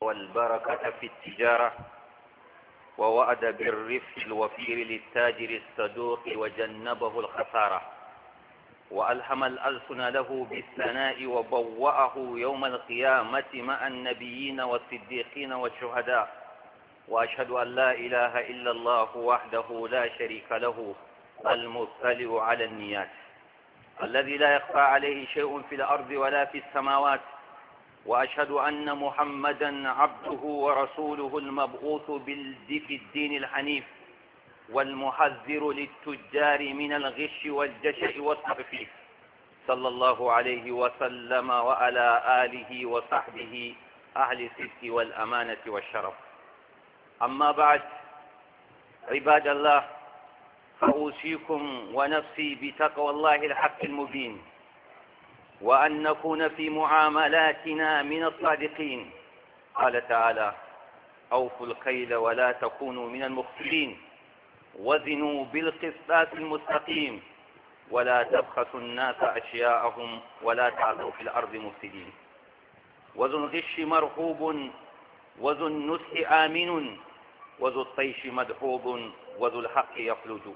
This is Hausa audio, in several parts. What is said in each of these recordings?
والبركة في التجارة ووعد بالرفق الوفير للتاجر الصدوق وجنبه الخسارة وألهم الألسن له بالثناء وبوأه يوم القيامة مع النبيين والصديقين والشهداء وأشهد أن لا إله إلا الله وحده لا شريك له المطلع على النيات الذي لا يخفى عليه شيء في الأرض ولا في السماوات وأشهد أن محمدا عبده ورسوله المبعوث بالدف الدين الحنيف والمحذر للتجار من الغش والجشع والتخفيف صلى الله عليه وسلم وعلى آله وصحبه أهل الصدق والأمانة والشرف أما بعد عباد الله فأوصيكم ونفسي بتقوى الله الحق المبين وأن نكون في معاملاتنا من الصادقين قال تعالى أوفوا الكيل ولا تكونوا من المخسرين وزنوا بالقسطاس المستقيم ولا تبخسوا الناس أشياءهم ولا تعثوا في الأرض مفسدين وذو الغش مرحوب وذو النسح آمن وذو الطيش مدحوب وذو الحق يخلد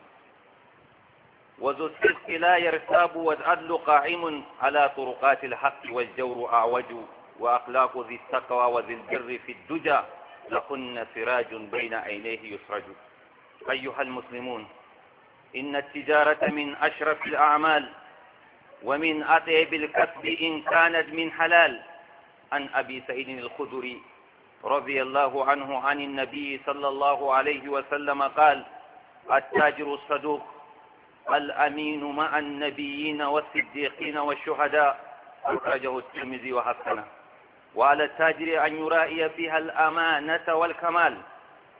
وذو الصدق لا يرتاب والعدل قائم على طرقات الحق والجور أعوج وأخلاق ذي التقوى وذي البر في الدجى لهن سراج بين عينيه يسرج أيها المسلمون إن التجارة من أشرف الأعمال ومن أطيب الكسب إن كانت من حلال عن أبي سعيد الخدري رضي الله عنه عن النبي صلى الله عليه وسلم قال التاجر الصدوق الأمين مع النبيين والصديقين والشهداء أخرجه الترمذي وحسنه وعلى التاجر أن يرائي فيها الأمانة والكمال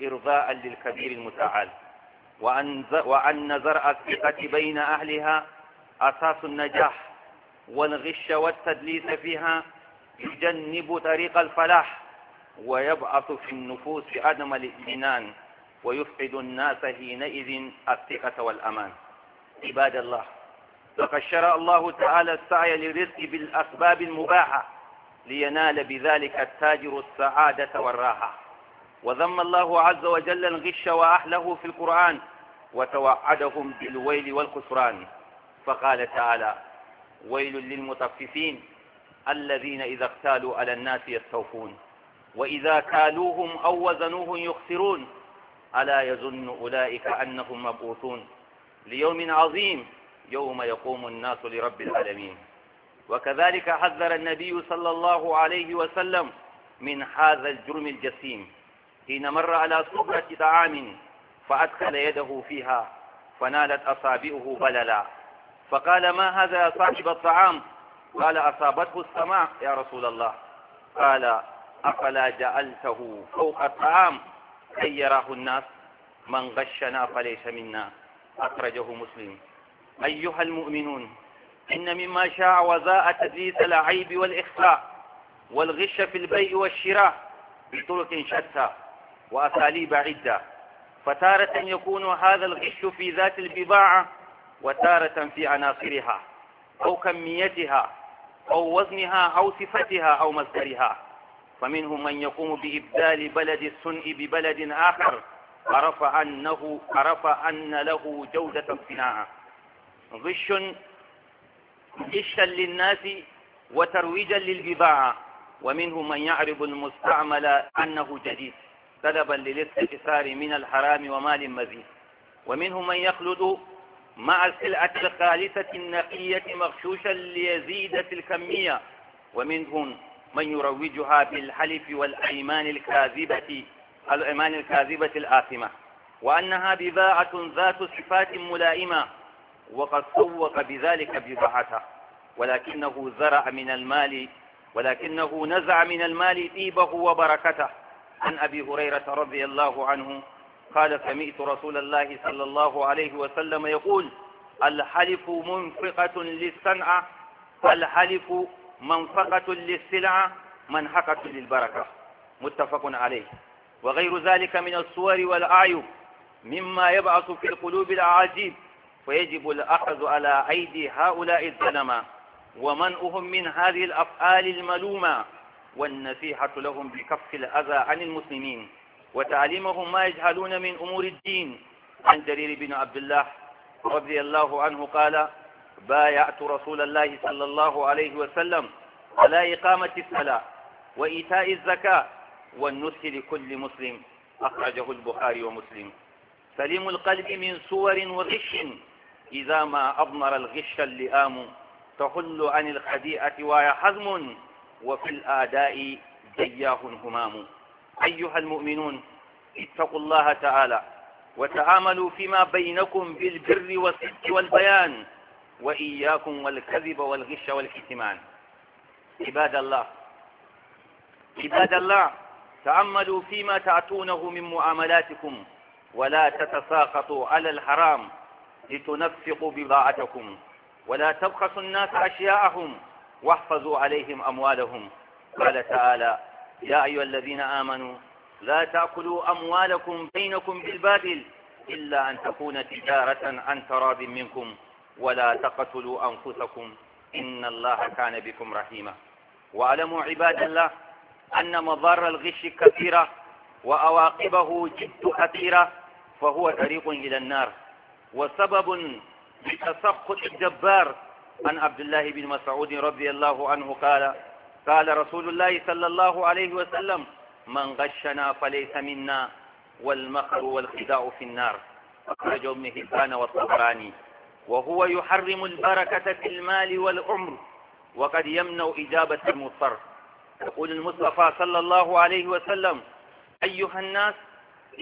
إرضاء للكبير المتعال وأن زرع الثقة بين أهلها أساس النجاح والغش والتدليس فيها يجنب طريق الفلاح ويبعث في النفوس عدم الإجنان ويفقد الناس حينئذ الثقة والأمان عباد الله لقد شرع الله تعالى السعي للرزق بالأسباب المباحة لينال بذلك التاجر السعادة والراحة وذم الله عز وجل الغش وأهله في القرآن وتوعدهم بالويل والخسران فقال تعالى ويل للمطففين الذين إذا اغتالوا على الناس يستوفون وإذا كالوهم أو وزنوهم يخسرون ألا يظن أولئك أنهم مبعوثون ليوم عظيم يوم يقوم الناس لرب العالمين وكذلك حذر النبي صلى الله عليه وسلم من هذا الجرم الجسيم حين مر على صبرة طعام فأدخل يده فيها فنالت أصابعه بللا فقال ما هذا يا صاحب الطعام قال أصابته السماء يا رسول الله قال أفلا جعلته فوق الطعام كي يراه الناس من غشنا فليس منا أخرجه مسلم أيها المؤمنون إن مما شاع وزاء تدليس العيب والإخفاء والغش في البيع والشراء بطرق شتى وأساليب عدة فتارة يكون هذا الغش في ذات البضاعة وتارة في عناصرها أو كميتها أو وزنها أو صفتها أو مصدرها فمنهم من يقوم بإبدال بلد السنء ببلد آخر عرف أنه عرف أن له جودة الصناعة غش غشا للناس وترويجا للبضاعة ومنهم من يعرض المستعمل أنه جديد سلبا للاستكثار من الحرام ومال مزيد ومنهم من يخلد مع السلعة الخالصة النقية مغشوشا ليزيد في الكمية ومنهم من يروجها بالحلف والأيمان الكاذبة الأيمان الكاذبة الآثمة وأنها بباعة ذات صفات ملائمة وقد سوق بذلك بضاعتها ولكنه زرع من المال ولكنه نزع من المال طيبه وبركته عن أبي هريرة رضي الله عنه قال سمعت رسول الله صلى الله عليه وسلم يقول الحلف منفقة للصنعة الحلف منفقة للسلعة منحقة للبركة متفق عليه وغير ذلك من الصور والأعيب مما يبعث في القلوب الأعاجيب فيجب الأخذ على أيدي هؤلاء الظلمة ومنؤهم من هذه الأفعال الملومة والنصيحة لهم بكف الأذى عن المسلمين وتعليمهم ما يجهلون من أمور الدين عن جرير بن عبد الله رضي الله عنه قال بايعت رسول الله صلى الله عليه وسلم على إقامة الصلاة وإيتاء الزكاة والنسك لكل مسلم أخرجه البخاري ومسلم سليم القلب من صور وغش إذا ما أضمر الغش اللئام تحل عن الخديئة وهي حزم وفي الآداء جياه همام أيها المؤمنون اتقوا الله تعالى وتعاملوا فيما بينكم بالبر والصدق والبيان وإياكم والكذب والغش والكتمان عباد الله عباد الله تأملوا فيما تأتونه من معاملاتكم ولا تتساقطوا على الحرام لتنفقوا بضاعتكم ولا تبخسوا الناس أشياءهم واحفظوا عليهم أموالهم قال تعالى يا أيها الذين آمنوا لا تأكلوا أموالكم بينكم بالباطل إلا أن تكون تجارة عن تراب منكم ولا تقتلوا أنفسكم إن الله كان بكم رحيما واعلموا عباد الله أن مضار الغش كثيرة وأواقبه جد خطيرة فهو طريق إلى النار وسبب لتسقط الجبار عن عبد الله بن مسعود رضي الله عنه قال قال رسول الله صلى الله عليه وسلم من غشنا فليس منا والمخر والخداع في النار أخرج ابن هبان والطبراني وهو يحرم البركة في المال والعمر وقد يمنع إجابة المضطر يقول المصطفى صلى الله عليه وسلم أيها الناس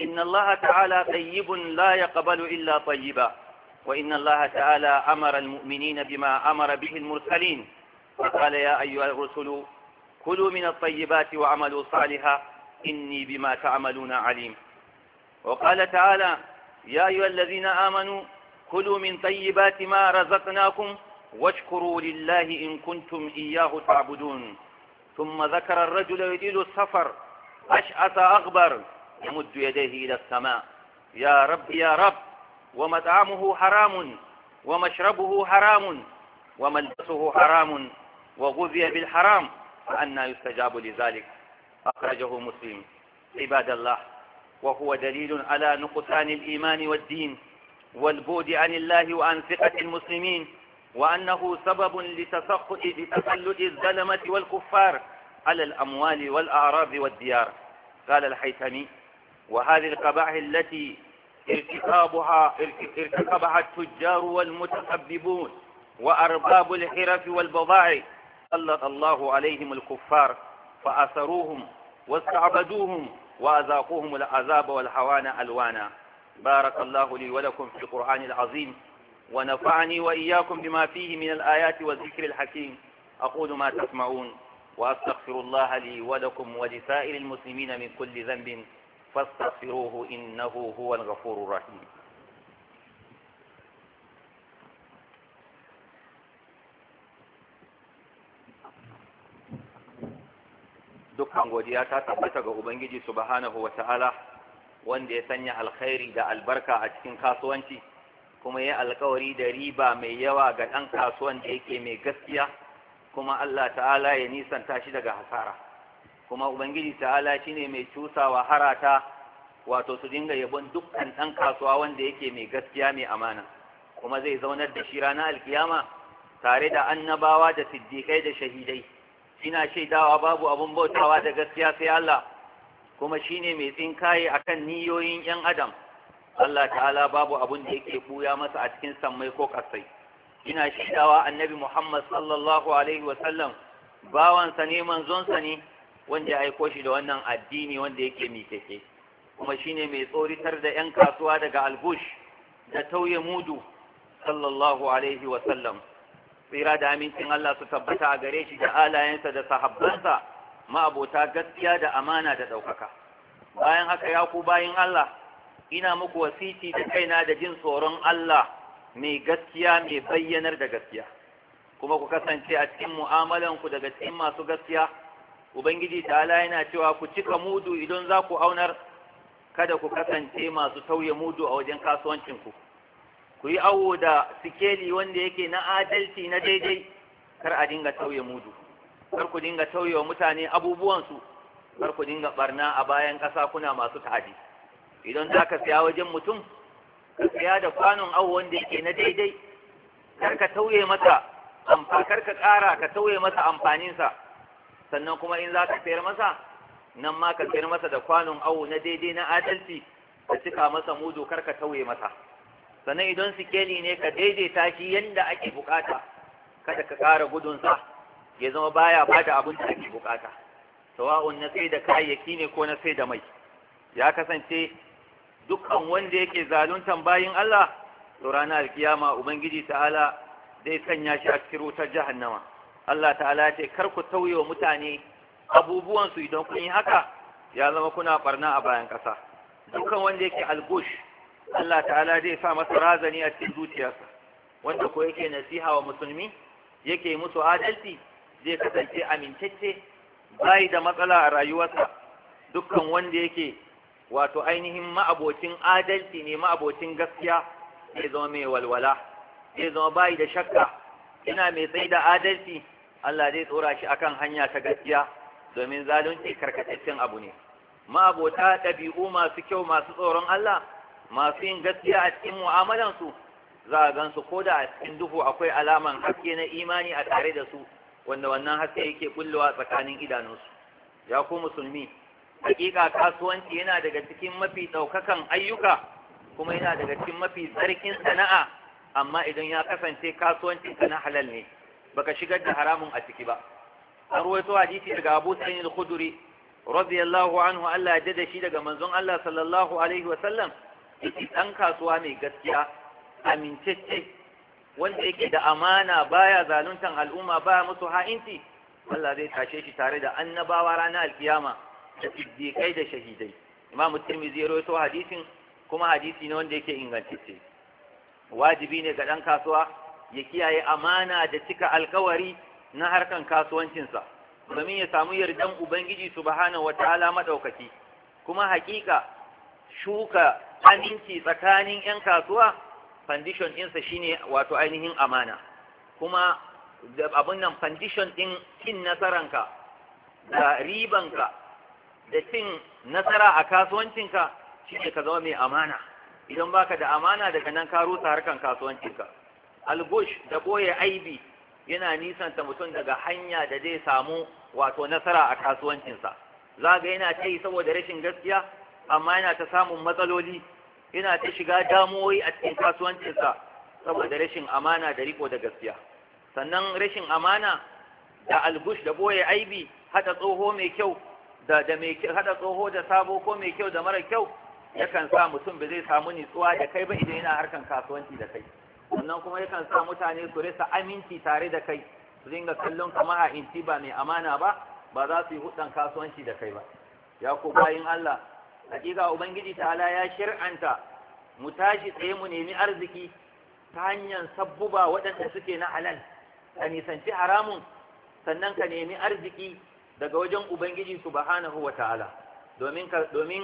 إن الله تعالى طيب لا يقبل إلا طيبا وإن الله تعالى أمر المؤمنين بما أمر به المرسلين فقال يا أيها الرسل كلوا من الطيبات وعملوا صالحا إني بما تعملون عليم وقال تعالى يا أيها الذين آمنوا كلوا من طيبات ما رزقناكم واشكروا لله إن كنتم إياه تعبدون ثم ذكر الرجل يريد السفر أشعث أغبر يمد يديه إلى السماء يا رب يا رب ومطعمه حرام ومشربه حرام وملبسه حرام وغذي بالحرام فأنا يستجاب لذلك أخرجه مسلم عباد الله وهو دليل على نقصان الإيمان والدين والبعد عن الله وعن ثقة المسلمين وأنه سبب لتسلط الزلمة والكفار على الأموال والأعراض والديار قال الحيثمي وهذه القباح التي ارتكبها ارتكبها التجار والمتسببون وأرباب الحرف والبضائع سلط الله عليهم الكفار فأثروهم واستعبدوهم وأذاقوهم العذاب والحوان ألوانا بارك الله لي ولكم في القرآن العظيم ونفعني وإياكم بما فيه من الآيات والذكر الحكيم أقول ما تسمعون وأستغفر الله لي ولكم ولسائر المسلمين من كل ذنب فاستغفروه إنه هو الغفور الرحيم dukkan godiya ta tabbata ga Ubangiji subhanahu wa ta'ala wanda ya sanya alkhairi da albarka a cikin kasuwanci kuma ya alkawari da riba mai yawa ga ɗan kasuwan da yake mai gaskiya kuma Allah ta'ala ya nisanta shi daga hasara kuma ubangiji ta'ala shine mai cusawa harata wato su dinga yabon dukkan ɗan kasuwa wanda yake mai gaskiya mai amana kuma zai zaunar da shi ranar alkiyama tare da annabawa da siddiƙai da shahidai ina shaidawa babu abun bautawa da gaskiya sai Allah kuma shine mai tsinkaye akan niyoyin 'yan adam Allah ta'ala babu abin da yake buya masa a cikin sammai ko kasai ina shidawa annabi Muhammad sallallahu alaihi bawansa ne manzonsa ne wanda ya aiko shi da wannan addini wanda yake miƙeƙe. kuma shine mai tsoritar da yan kasuwa daga algush da tauye mudu sallallahu alaihi tsira da amincin Allah su tabbata a gare shi da alayensa da sahabbansa ma'abota gaskiya da amana da ɗaukaka bayan haka ya ku bayin Allah ina muku wasiti da kaina da jin tsoron Allah mai gaskiya mai bayyanar da gaskiya kuma ku kasance a cikin mu'amalanku daga cikin masu gaskiya ubangiji ta'ala yana cewa ku cika mudu idan za ku aunar kada ku kasance masu tauye mudu a wajen kasuwancinku ku yi awo da sikeli wanda yake na adalci na daidai kar a dinga tauye mudu kar ku dinga tauye wa mutane abubuwansu kar ku dinga barna a bayan ƙasa kuna masu ta'adi idan za ka siya wajen mutum ka siya da kwanon awo wanda yake na daidai kar ka tauye masa kar ka ƙara ka tauye masa amfaninsa sannan kuma in za ka sayar masa nan ma ka sayar masa da kwanon awo na daidai na adalci ka cika masa mudu kar ka tauye masa sannan idan sikeli ne ka daidaita shi yanda ake bukata kada ka ƙara gudunsa ya zama baya bada abin da ake bukata sawa'un na sai da kayayyaki ne ko na sai da mai ya kasance dukkan wanda yake zaluntan bayin Allah to ranar alkiyama ubangiji ta'ala zai sanya shi a cikin wutar jahannama Allah ta'ala ce kar ku tauye wa mutane abubuwan su idan kun yi haka ya zama kuna barna a bayan kasa dukkan wanda yake algush Allah ta'ala zai sa masa razani a cikin zuciyarsa wanda ko yake nasiha wa musulmi yake musu adalci zai kasance amintacce bai da matsala a rayuwarsa dukkan wanda yake wato ainihin ma'abocin adalci ne ma'abocin gaskiya zai zama mai walwala zai zama bayi da shakka ina mai tsaye da adalci Allah zai tsora shi akan hanya ta gaskiya domin zalunci karkataccen abu ne ma'abota dabi'u masu kyau masu tsoron Allah masu yin gaskiya a cikin mu'amalansu za a gan su koda a cikin duhu akwai alaman haske na imani a tare da su wanda wannan haske yake kullowa tsakanin idanunsu ya ku musulmi hakika kasuwanci yana daga cikin mafi ɗaukakan ayyuka kuma yana daga cikin mafi tsarkin sana'a amma idan ya kasance kasuwanci na halal ne baka shigar da haramun a ciki ba an ruwaito hadisi daga Abu Sa'id al-Khudri radiyallahu anhu Allah ya da shi daga manzon Allah sallallahu alaihi wa sallam dan kasuwa mai gaskiya amincece wanda yake da amana baya zaluntan al'umma baya musu ha'inci Allah zai tashe shi tare da annabawa ranar alkiyama da siddiqai da shahidai imamu tirmidhi ya rawaito hadisin kuma hadisi ne wanda yake ingantacce wajibi ne ga ɗan kasuwa ya kiyaye amana da cika alkawari na harkan kasuwancinsa domin ya samu yardan ubangiji su subhanahu wataala madaukaki kuma hakika shuka aminci tsakanin yan kasuwa Fandishon ɗinsa shine wato ainihin amana kuma abin nan fandishon ɗin cin nasaranka da ribanka da cin nasara a kasuwancinka shi ne ka zama mai amana idan baka da amana daga nan ka rusa harkan kasuwancinka algush da boye aibi yana nisanta mutum daga hanya da zai samu wato nasara a kasuwancinsa za ga yana ta yi saboda rashin gaskiya amma yana ta samun matsaloli yana ta shiga damuwoyi a cikin kasuwancinsa saboda rashin amana da riko da gaskiya sannan rashin amana da algush da boye aibi hada tsoho mai kyau da da mai hada tsoho da sabo ko mai kyau da mara kyau yakan sa mutum ba zai samu nitsuwa da kai ba idan yana harkan kasuwanci da kai sannan kuma yakan sa mutane su rasa aminci tare da kai su dinga kallon kama a inci ba mai amana ba ba za su yi hudan kasuwanci da kai ba ya ku bayin Allah hakika ubangiji ta'ala ya shir'anta mu tashi tsaye mu nemi arziki ta hanyar sabbuba waɗanda suke na halal ka nisanci haramun sannan ka nemi arziki daga wajen ubangiji subhanahu wa ta'ala domin domin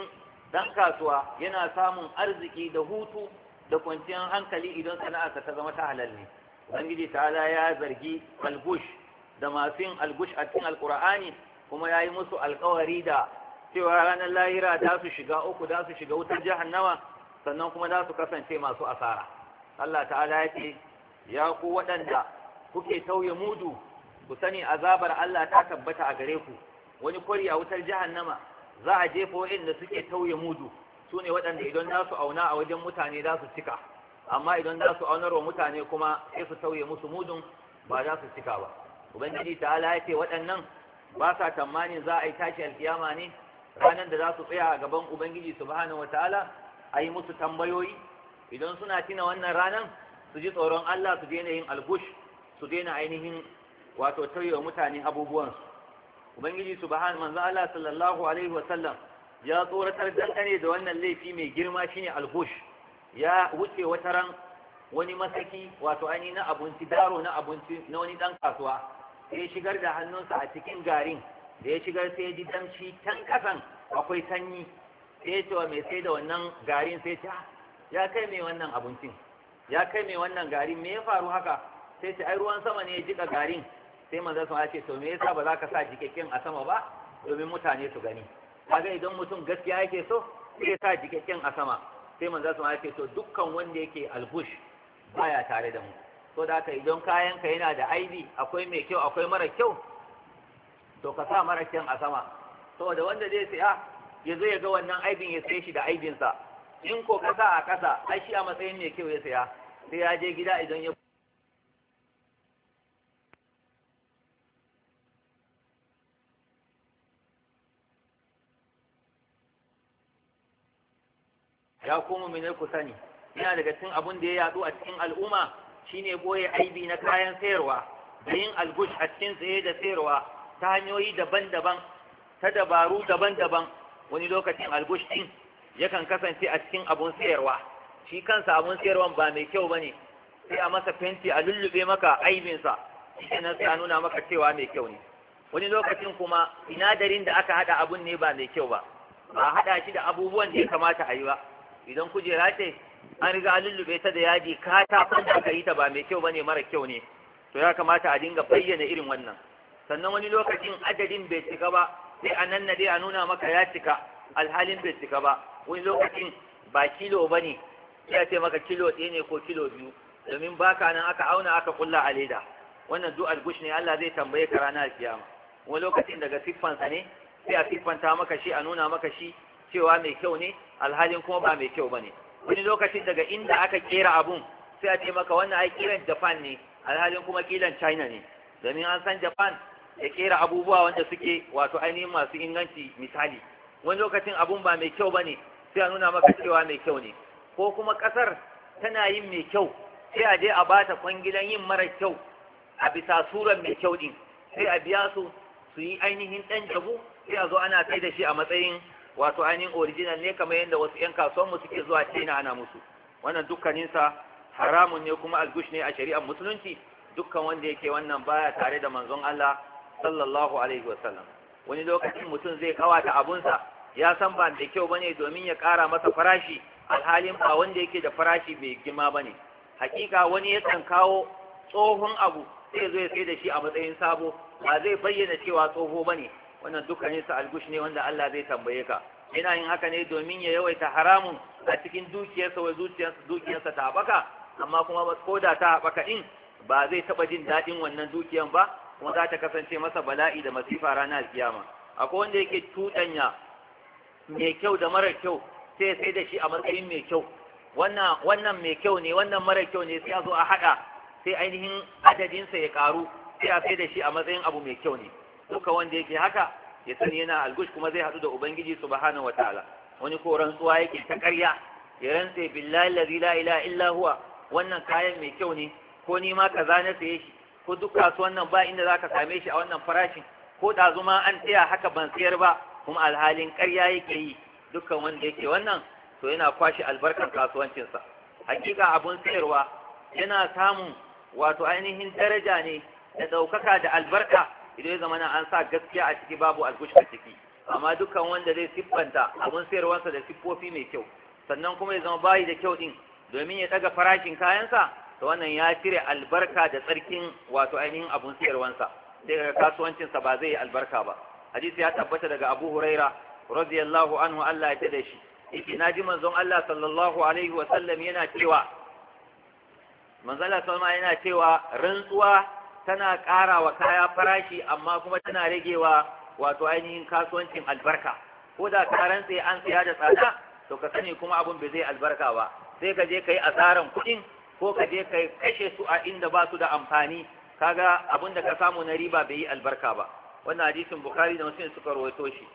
kasuwa yana samun arziki da hutu da kwanciyar hankali idan sana'arsa ta zama ta halal ne ubangiji ta'ala ya zargi algush da masu yin algush a cikin alqur'ani kuma yayi musu alkawari da cewa ranar lahira da su shiga uku da su shiga wutar jahannama sannan kuma za su kasance masu asara Allah ta'ala ya ce ya ku waɗanda kuke tauye mudu ku sani azabar Allah ta tabbata a gare ku wani kwari a wutar jahannama za a jefa waɗanda suke tauye mudu su ne waɗanda idan za su auna a wajen mutane za su cika amma idan za su aunar wa mutane kuma sai su tauye musu mudun ba za su cika ba ubangiji ta'ala ya ce waɗannan ba sa tamanin za a yi tashi alkiyama ne ranar da za su tsaya a gaban ubangiji subhanahu wataala a yi musu tambayoyi idan suna tina wannan ranar su ji tsoron Allah su daina yin algush su daina ainihin wato tauyewa mutane abubuwansu ubangiji subhanahu manzo Allah sallallahu alaihi wa sallam ya tsoratar dangane da wannan laifi mai girma shine alhush ya wuce wata ran wani masaki wato ainihin na abinci daro na abinci na wani dan kasuwa ya shigar da hannunsa a cikin garin da ya shigar sai ya ji damshi tan kasan akwai sanyi sai ya ce wa mai sai da wannan garin sai ta ah, ya kai mai wannan abincin ya kai mai wannan garin me ya faru haka sai ce ai ruwan sama ne ya jika garin sai manzon sun ce to me yasa ba za ka sa jikakken a sama ba domin mutane su gani kaga idan mutum gaskiya yake so sai sa jikakken a sama sai manzon sun ce to dukkan wanda yake albush baya tare da mu to da ka idan kayanka yana da aibi akwai mai kyau akwai mara kyau to ka sa mara kyan a sama saboda wanda zai saya ya zo ya ga wannan aibin ya sai shi da sa in ko kasa a kasa ai shi a matsayin mai kyau ya saya sai ya je gida idan ya ya komo mai ku sani yana daga cikin abun da ya yadu a cikin al'umma shine boye aibi na kayan sayarwa da yin algush a cikin tsaye da sayarwa ta hanyoyi daban-daban ta dabaru daban-daban wani lokacin algush din yakan kasance a cikin abun sayarwa shi kansa abun sayarwan ba mai kyau bane sai a masa fenti a lullube maka aibinsa ne sai a nuna maka cewa mai kyau ne wani lokacin kuma sinadarin da aka hada abun ne ba mai kyau ba ba hada shi da abubuwan da ya kamata a yi ba idan kujera ce an riga an lullube ta da yadi ka ta san da ka yi ta ba mai kyau bane mara kyau ne to ya kamata a dinga bayyana irin wannan sannan wani lokacin adadin bai cika ba sai a nan dai a nuna maka ya cika alhalin bai cika ba wani lokacin ba kilo ba ne sai a ce maka kilo ɗaya ne ko kilo biyu domin baka nan aka auna aka kulla a leda wannan duk algush ne Allah zai tambaye ka ranar kiyama wani lokacin daga siffansa ne sai a siffanta maka shi a nuna maka shi cewa mai kyau ne alhalin kuma ba mai kyau bane wani lokacin daga inda aka kera abun sai a ce maka wannan ai kiran Japan ne alhalin kuma kiran China ne domin an san Japan ya kera abubuwa wanda suke wato ainihin masu inganci misali wani lokacin abun ba mai kyau bane sai a nuna maka cewa mai kyau ne ko kuma kasar tana yin mai kyau sai a je a bata kwangilan yin mara kyau a bisa suran mai kyau din sai a biya su su yi ainihin ɗan jabu sai a zo ana sai da shi a matsayin wato ainihin original ne kamar yadda wasu 'yan kasuwanmu suke zuwa china ana musu wannan dukkaninsa haramun ne kuma algush ne a shari'ar musulunci dukkan wanda yake wannan baya tare da manzon Allah sallallahu alaihi wasallam wani lokacin mutum zai kawata abun sa, ya san ba da kyau bane domin ya kara masa farashi alhalin ba wanda yake da farashi bai gima bane hakika wani ya yakan kawo tsohon abu sai zo ya sai da shi a matsayin sabo ba zai bayyana cewa tsoho bane wannan dukkan sa algush ne wanda Allah zai tambaye ka ina yin haka ne domin ya yawaita haramun a cikin dukiyarsa wai zuciyarsa dukiyarsa ta haɓaka amma kuma ko da ta haɓaka din ba zai taɓa jin daɗin wannan dukiyan ba kuma za ta kasance masa bala'i da masifa ranar kiyama akwai wanda yake tuɗanya mai kyau da mara kyau sai sai da shi a matsayin mai kyau wannan wannan mai kyau ne wannan mara kyau ne sai a zo a haɗa sai ainihin adadinsa ya ƙaru sai a sai da shi a matsayin abu mai kyau ne duka wanda yake haka ya sani yana algush kuma zai haɗu da ubangiji subhanahu wataala wani ko rantsuwa yake ta ƙarya ya rantse billahi allazi la ilaha illa huwa wannan kayan mai kyau ne ko ni ma kaza na saye shi ko duk kasuwan ba inda zaka same shi a wannan farashin ko ɗazu ma an tsaya haka ban sayar ba kuma alhalin ƙarya yake yi dukkan wanda yake wannan to yana kwashe albarkar kasuwancinsa hakika abun sayarwa yana samun wato ainihin daraja ne da ɗaukaka da albarka idan ya zamana an sa gaskiya a ciki babu algush a ciki amma dukkan wanda zai siffanta abun sayarwarsa da siffofi mai kyau sannan kuma ya zama bayi da kyau din domin ya daga farashin kayansa to wannan ya cire albarka da tsarkin wato ainihin abun sayarwarsa sai ga kasuwancinsa ba zai yi albarka ba hadisi ya tabbata daga Abu Huraira radiyallahu anhu Allah ya tada shi yake ji manzon Allah sallallahu alaihi wa sallam yana cewa manzon Allah sallallahu yana cewa rantsuwa tana ƙara wa kaya farashi amma kuma tana ragewa wato ainihin kasuwancin albarka ko da ka sai an siya da tsada to ka sani kuma abun bai zai albarka ba sai ka je ka yi asaran kuɗin ko ka je ka kashe su a inda ba su da amfani kaga abin da ka samu na riba bai yi albarka ba wannan hadisin bukari da muslim suka rawaito shi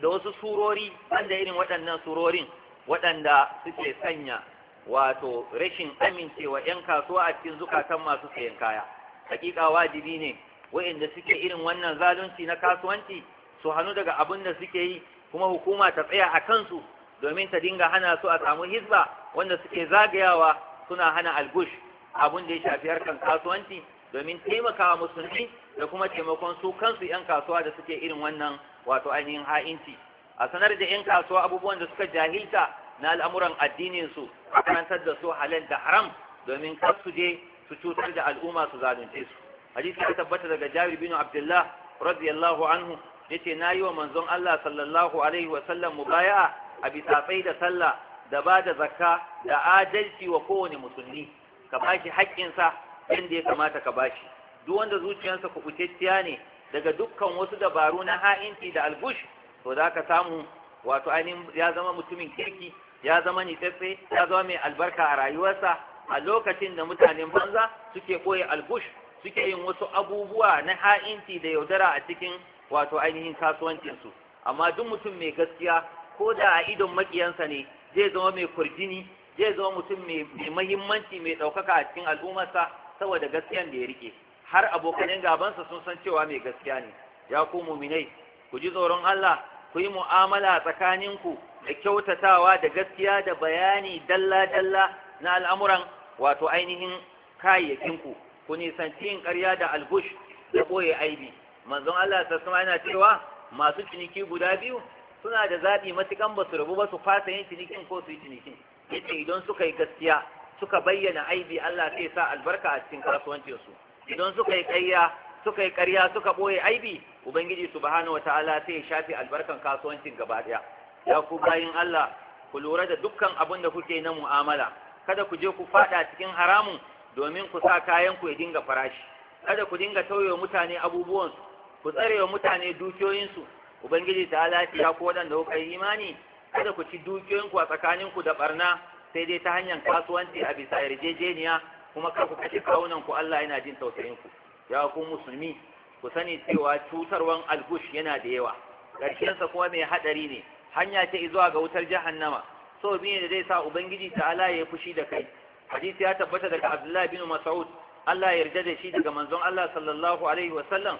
da wasu surori wanda irin waɗannan surorin waɗanda suke sanya wato rashin amincewa 'yan kasuwa a cikin zukatan masu sayan kaya hakika wajibi ne wa'inda suke irin wannan zalunci na kasuwanci su hannu daga abin da suke yi kuma hukuma ta tsaya a kansu domin ta dinga hana su a samu hizba wanda suke zagayawa suna hana algush abin da ya shafi harkar kasuwanci domin taimakawa musulmi da kuma taimakon su kansu 'yan kasuwa da suke irin wannan wato ainihin ha'inci a sanar da 'yan kasuwa abubuwan da suka jahilta na al'amuran addininsu a karantar da su halal da haram domin kar su je su cutar da al'umma su zalunce su hadisi ya tabbata daga Jabir bin Abdullah radiyallahu anhu yace nayi wa manzon Allah sallallahu alaihi wa sallam mubaya'a a bisa da sallah da ba da zakka da adalci wa kowane musulmi ka bashi sa inda ya kamata ka bashi duk wanda zuciyarsa kubutacciya ne daga dukkan wasu dabaru na ha'inci da algush to za ka samu wato ainihin ya zama mutumin kirki ya zama nitsatse ya zama mai albarka a rayuwarsa a lokacin da mutanen banza suke ɓoye albush suke yin wasu abubuwa na ha'inci da yaudara a cikin wato ainihin kasuwancinsu amma duk mutum mai gaskiya ko da a idon makiyansa ne zai zama mai kurjini zai zama mutum mai mahimmanci mai ɗaukaka a cikin al'ummarsa saboda gaskiyan da ya rike har abokanin gabansa sun san cewa mai gaskiya ne ya ku muminai ku ji tsoron Allah ku yi mu'amala tsakaninku da kyautatawa da gaskiya da bayani dalla-dalla na al'amuran wato ainihin kayayyakinku ku nisanci yin ƙarya da albush da ɓoye aibi manzon Allah ta sama yana cewa masu ciniki guda biyu suna da zaɓi matukan ba su rabu ba su fasa yin cinikin ko su yi cinikin yace idan suka yi gaskiya suka bayyana aibi Allah sai sa albarka a cikin kasuwancinsu idan suka yi ƙarya suka yi ƙarya suka ɓoye aibi ubangiji subhanahu wataala sai ya shafe albarkan kasuwancin gaba ɗaya ya ku bayin Allah ku lura da dukkan abin da kuke na mu'amala kada ku je ku fada cikin haramun domin ku sa kayan ku ya dinga farashi kada ku dinga tauye mutane abubuwan su ku tsare wa mutane dukiyoyin su ubangiji ta alaci ya ko da kuka imani kada ku ci dukiyoyin ku a tsakanin ku da barna sai dai ta hanyar kasuwanci a bisa yarjejeniya kuma kar ku kashe kawunan ku Allah yana jin tausayin ku ya ku musulmi ku sani cewa cutarwan algush yana da yawa ƙarshensa kuma mai haɗari ne hanya ce zuwa ga wutar jahannama so bi ne da zai sa ubangiji ta'ala ya fushi da kai hadisi ya tabbata daga abdullahi bin mas'ud Allah ya yarda da shi daga manzon Allah sallallahu alaihi manzon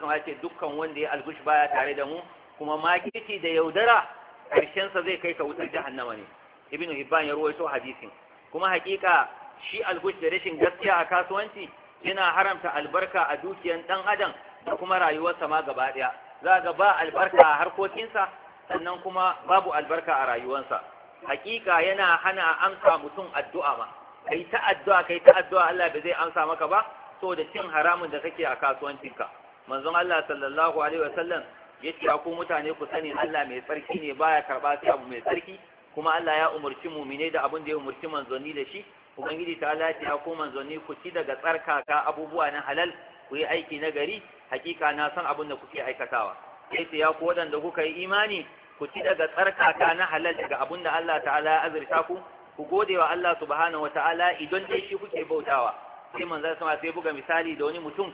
kuma yace dukkan wanda ya algush baya tare da mu kuma Makiti da yaudara karshen sa zai kai ka wutar jahannama ne ibn hibban ya ruwaito hadisin kuma hakika shi algush da rashin gaskiya a kasuwanci yana haramta albarka a dukiyan dan adam da kuma rayuwarsa ma gaba daya za ga ba albarka a harkokinsa sannan kuma babu albarka a rayuwarsa hakika yana hana an mutum addu'a ma kai ta addu'a kai ta addu'a Allah ba zai amsa maka ba da cin haramun da kake a kasuwancinka manzon Allah sallallahu alaihi wasallam ce, ku mutane ku sani Allah mai tsarki ne baya karba sai abu mai tsarki kuma Allah ya umurci mu'mine da abin da ya umurci manzoni da shi ubangiji ta Allah ya ku manzoni ku ci daga tsarkaka abubuwa na halal ku yi aiki na gari hakika na san abin da kuke aikatawa ce ya ku waɗanda kuka yi imani ku ci daga tsarkaka na halal daga abun da Allah ta'ala ya azurta ku ku gode wa Allah subhanahu wa ta'ala idan dai shi kuke bautawa sai manzo sama sai buga misali da wani mutum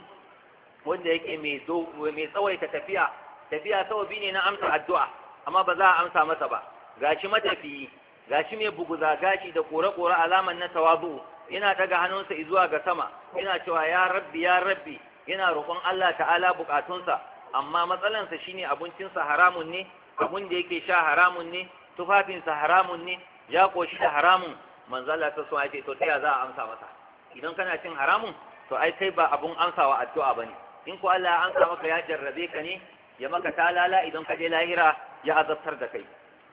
wanda yake mai zo mai tsawaita tafiya tafiya sawabi ne na amsa addu'a amma ba za a amsa masa ba gashi matafiyi gashi mai bugu gashi da kore-kore alaman na tawazu yana daga hannunsa zuwa ga sama yana cewa ya rabbi ya rabbi yana roƙon Allah ta'ala bukatunsa amma matsalansa shine abincinsa haramun ne abun da yake sha haramun ne tufafinsa haramun ne ya koshi da haramun manzo Allah ta so ce to ta za a amsa masa idan kana cin haramun to ai kai ba abun amsawa addu'a bane in ko Allah ya amsa maka ya jarrabe ka ne ya maka talala idan ka je lahira ya azabtar da kai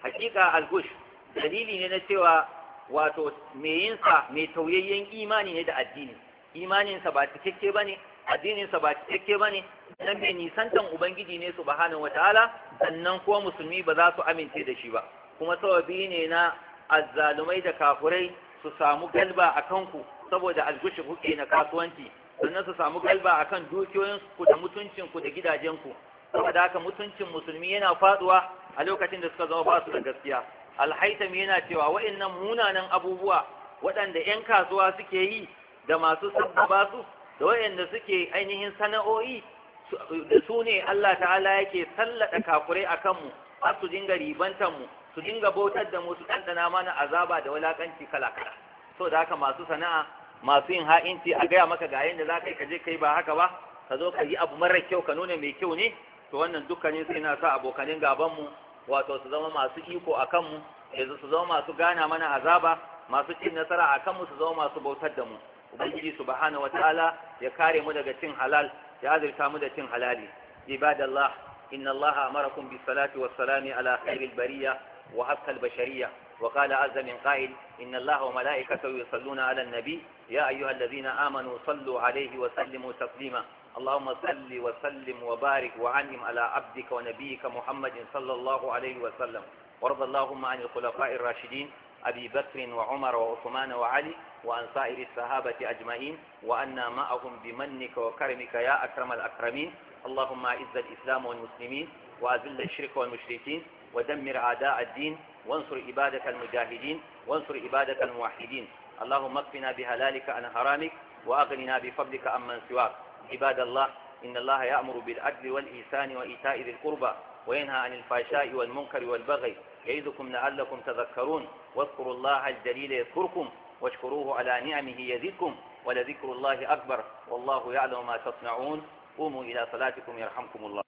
hakika al-gush dalili ne na cewa wato me yinsa mai tauyayyen imani ne da addini imaninsa ba cikakke bane addininsa ba cikakke ba ne nan mai nisantan ubangiji ne su subhanahu wataala sannan kuma musulmi ba za su amince da shi ba kuma sababi ne na azzalumai da kafurai su samu galba a kanku saboda algushi kuke na kasuwanci sannan su samu galba a kan dukiyoyinku da mutuncinku da gidajenku saboda haka mutuncin musulmi yana faduwa a lokacin da suka zama ba su da gaskiya alhaitam yana cewa wa'annan munanan abubuwa waɗanda 'yan kasuwa suke yi da masu ba su da wayanda suke ainihin sana'o'i da su ne Allah ta'ala yake sallada kakurai a kanmu har su dinga ribantar mu su dinga bautar da mu su ɗanɗana mana azaba da wulakanci kala kala so da haka masu sana'a masu yin ha'inci a gaya maka ga yadda za ka yi ka je ka ba haka ba ka zo ka yi abu mara kyau ka nuna mai kyau ne to wannan dukkanin su na sa abokanin gabanmu wato su zama masu iko a kanmu yanzu su zama masu gana mana azaba masu cin nasara a kanmu su zama masu bautar da mu ubangiji subhanahu wataala ya kare mu daga cin halal ya azurta mu da cin halali ibadallah inna mara amarakum bi salati was salami ala khairil bariyya wa hasal bashariyya wa qala azamin min qa'il inna allaha wa malaikatahu yusalluna ala an-nabi ya ayyuhalladhina amanu sallu alayhi wa sallimu taslima اللهم صل وسلم وبارك وعنم على عبدك ونبيك محمد صلى الله عليه وسلم وارض اللهم عن الخلفاء الراشدين ابي بكر وعمر وعثمان وعلي wa an sa iri sahaba ti ajma'in wa an na ma ahun bi man ni ka ya a kar mal a kar mi izal islam wa muslimi wa azul shirk wa mushriki wa dan mir a da adin ibada kan mujahidin wan sur ibada kan wahidin allahu ma bi halali ka an harami wa a bi fabli ka an man siwa ibada ya amuru bi adi wal isani wa ita iri kurba wa yin ha anil fasha iwal munkari wal bagai ya yi zukun zakarun wasu kurun la hajjari واشكروه على نعمه يزدكم ولذكر الله أكبر والله يعلم ما تصنعون قوموا إلى صلاتكم يرحمكم الله